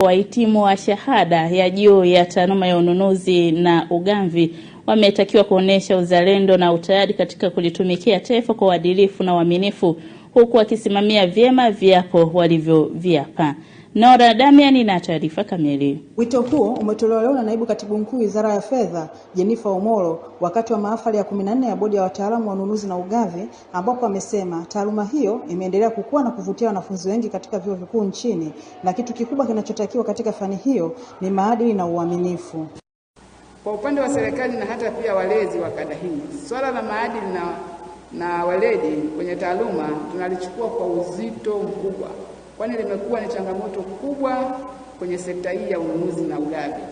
Wahitimu wa shahada ya juu ya taaluma ya ununuzi na ugamvi wametakiwa kuonesha uzalendo na utayari katika kulitumikia taifa kwa uadilifu na uaminifu huku wakisimamia vyema viapo walivyoviapa. Nora damian na taarifa kamili. Wito huo umetolewa leo na naibu katibu mkuu Wizara ya Fedha Jennifer Omoro wakati wa mahafali ya 14 ya bodi ya wataalamu wa ununuzi na ugavi, ambapo amesema taaluma hiyo imeendelea kukua na kuvutia wanafunzi wengi katika vyuo vikuu nchini, na kitu kikubwa kinachotakiwa katika fani hiyo ni maadili na uaminifu. Kwa upande wa serikali na hata pia walezi wa kada hii, swala la maadili na, na walezi kwenye taaluma tunalichukua kwa uzito mkubwa kwani limekuwa ni changamoto kubwa kwenye sekta hii ya ununuzi na ugavi.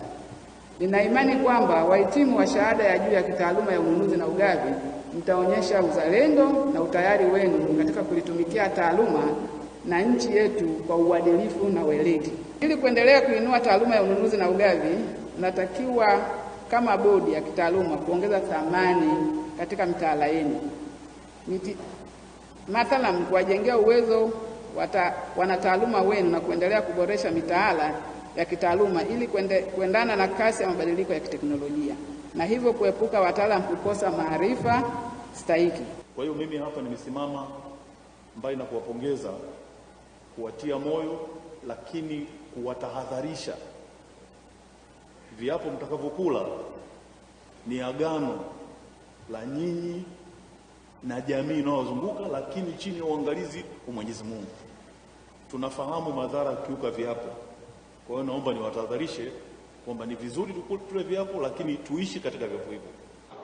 Nina imani kwamba wahitimu wa shahada ya juu ya kitaaluma ya ununuzi na ugavi mtaonyesha uzalendo na utayari wenu katika kulitumikia taaluma na nchi yetu kwa uadilifu na weledi. Ili kuendelea kuinua taaluma ya ununuzi na ugavi, natakiwa kama bodi ya kitaaluma kuongeza thamani katika mitaala yenu, mathalan kuwajengea uwezo wata, wanataaluma wenu na kuendelea kuboresha mitaala ya kitaaluma ili kuende, kuendana na kasi ya mabadiliko ya kiteknolojia na hivyo kuepuka wataalamu kukosa maarifa stahiki. Kwa hiyo mimi hapa nimesimama mbali na kuwapongeza, kuwatia moyo, lakini kuwatahadharisha, viapo mtakavyokula ni agano la nyinyi na jamii inayozunguka, lakini chini ya uangalizi wa Mwenyezi Mungu. Tunafahamu madhara kiuka viapo. Kwa hiyo naomba niwatahadharishe kwamba ni vizuri tule viapo, lakini tuishi katika viapo hivyo.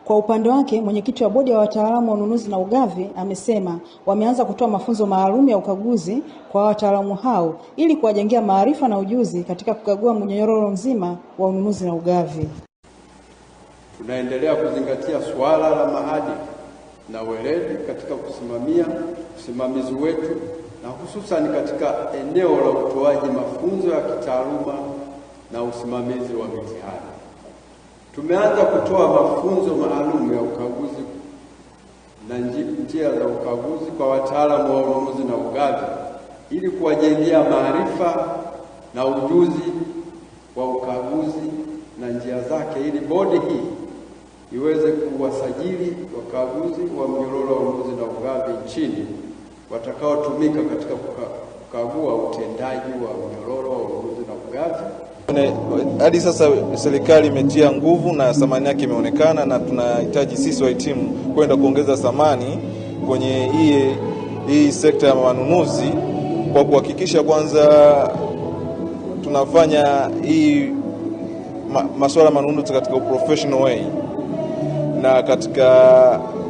Kwa upande wake mwenyekiti wa bodi ya wataalamu wa ununuzi na ugavi amesema wameanza kutoa mafunzo maalum ya ukaguzi kwa wataalamu hao ili kuwajengea maarifa na ujuzi katika kukagua mnyororo mzima wa ununuzi na ugavi. Tunaendelea kuzingatia suala la mahadi na weledi katika kusimamia usimamizi wetu na hususan katika eneo la utoaji mafunzo ya kitaaluma na usimamizi wa mitihani. Tumeanza kutoa mafunzo maalum ya ukaguzi na njia za ukaguzi kwa wataalamu wa ununuzi na ugavi ili kuwajengea maarifa na ujuzi wa ukaguzi na njia zake ili bodi hii iweze kuwasajili wakaguzi wa mnyororo wa ununuzi na ugavi nchini watakaotumika katika kukagua utendaji wa mnyororo wa ununuzi na ugavi. Hadi sasa serikali imetia nguvu na thamani yake imeonekana, na tunahitaji sisi wahitimu kwenda kuongeza thamani kwenye hii hii sekta ya manunuzi kwa kuhakikisha kwanza tunafanya hii ma, masuala ya manunuzi katika professional way na katika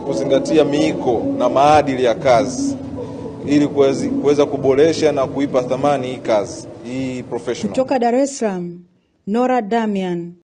kuzingatia miiko na maadili ya kazi ili kuweza kuboresha na kuipa thamani hii kazi hii professional. Kutoka Dar es Salaam, Nora Damian.